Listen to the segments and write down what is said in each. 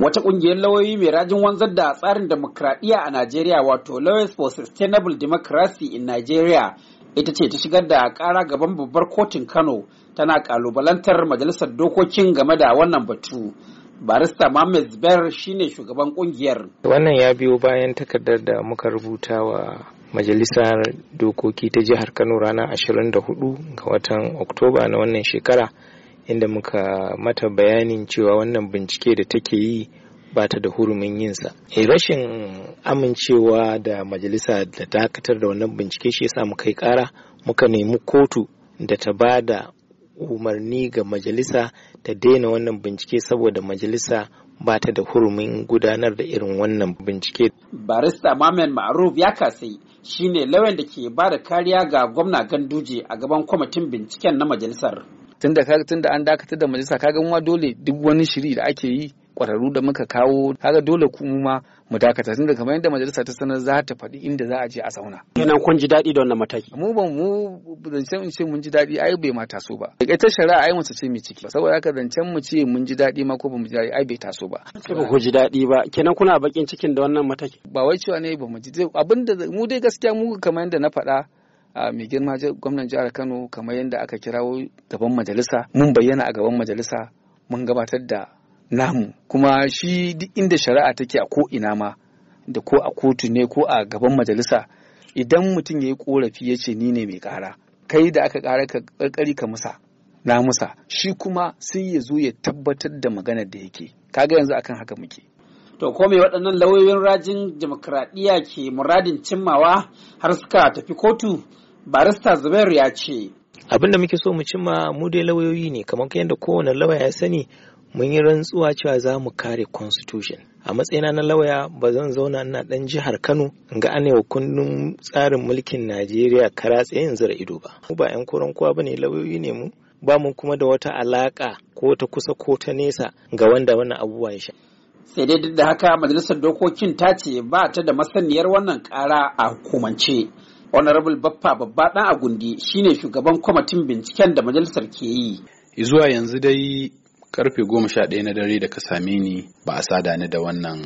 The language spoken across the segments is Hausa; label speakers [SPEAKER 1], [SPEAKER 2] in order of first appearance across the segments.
[SPEAKER 1] Wata ƙungiyar lauyoyi mai rajin wanzar da tsarin demokradiyya a Najeriya wato Lawyers for Sustainable Democracy in Nigeria ita ce ta shigar da kara gaban babbar kotun Kano tana ƙalubalantar majalisar dokokin game da wannan batu. barista Mohammed Zubair shine shugaban kungiyar.
[SPEAKER 2] Wannan ya biyo bayan takardar da muka rubuta wa Majalisar Dokoki ta Jihar Kano ranar 24 ga watan Oktoba na wannan shekara inda muka mata bayanin cewa wannan bincike da take yi ba ta da hurumin yinsa. E rashin amincewa da majalisa da dakatar da wannan bincike shi yasa muka yi kara muka nemi kotu da ta ba da umarni ga majalisa ta daina wannan bincike saboda majalisa ba ta da hurumin gudanar da irin wannan bincike.
[SPEAKER 1] Barista Mamman Ma'aruf ya kasai shine lauyan da ke ba da kariya ga gwamna Ganduje a gaban kwamitin binciken na majalisar.
[SPEAKER 3] tunda tunda an dakatar da majalisa kaga mu dole duk wani shiri da ake yi kwararru da muka kawo kaga dole kuma ma mu dakata tunda kamar yadda majalisa ta sanar za ta faɗi inda za a je a sauna. Kenan kun ji daɗi da wannan mataki. Mu ban mu zancen in ce mun ji daɗi ai bai ma taso ba. Daga ita shari'a ai mace ce mai ciki saboda haka zancen mu ce mun ji daɗi ma ko ba mu ji daɗi ai bai taso ba. Ba ku ji daɗi ba kenan kuna bakin cikin da wannan mataki. Ba wai cewa ne ba mu ji abinda mu dai gaskiya mu kamar yadda na faɗa a mai girma gwamnan jihar Kano kamar yadda aka kirawo gaban majalisa mun bayyana a gaban majalisa mun gabatar da namu kuma shi duk inda shari'a take a ko ina ma da ko a kotu ne ko a gaban majalisa idan mutum ya yi korafi ya ce ni ne mai kara kai da aka kara ka karkari ka musa na musa shi kuma sai ya zo ya tabbatar da maganar da yake kaga yanzu akan haka muke
[SPEAKER 1] to ko me waɗannan lauyoyin rajin demokradiya ke muradin cimmawa har suka tafi kotu barista zubair ya ce
[SPEAKER 2] abin da muke so mu cimma mu dai lauyoyi ne kamar yadda kowane lauya ya sani mun yi rantsuwa cewa za mu kare constitution a matsayina na lauya ba zan zauna ina dan jihar kano in ga anewa kundin tsarin mulkin najeriya kara tsaye in zira ido ba mu ba yan koran kowa bane lauyoyi ne mu ba mu kuma da wata alaka ko ta kusa ko ta nesa ga wanda wannan abubuwa ya sha
[SPEAKER 1] sai dai duk da haka majalisar dokokin ta ce ba ta da masaniyar wannan kara a hukumance honorable baffa babba dan agundi shine shugaban kwamitin binciken da majalisar
[SPEAKER 4] ke yi zuwa yanzu dai karfe goma sha ɗaya na dare da ka same ni ba a sada ni da wannan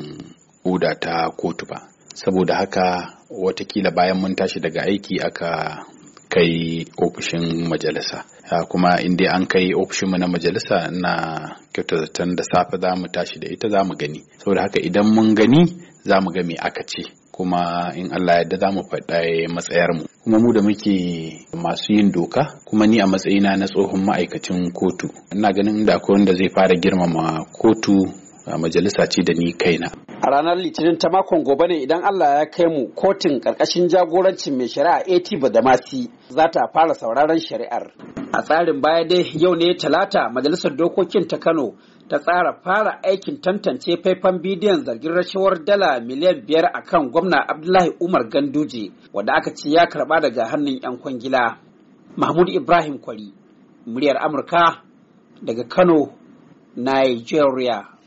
[SPEAKER 4] oda ta kotu ba saboda haka watakila bayan mun tashi daga aiki aka kai ofishin majalisa kuma in dai an kai ofishinmu na majalisa na kyauta zaton da safe za mu tashi da ita za mu gani saboda haka idan mun gani za mu ga me aka ce kuma in Allah yadda za mu faɗa matsayarmu kuma mu da muke masu yin doka kuma ni a matsayina na tsohon ma'aikacin kotu ina ganin da akwai wanda zai fara girmama kotu majalisa ce da ni kaina
[SPEAKER 1] a ranar litinin ta makon gobe ne idan allah ya kai mu kotun karkashin jagorancin mai shari'a at badamasi za ta fara sauraron shari'ar a tsarin baya dai yau ne talata majalisar dokokin ta kano ta tsara fara aikin tantance faifan bidiyon zargin rashawar dala miliyan biyar a kan gwamna abdullahi umar ganduje wadda aka ce ya karba daga hannun 'yan kwangila mahmud ibrahim kwari muryar amurka daga kano nigeria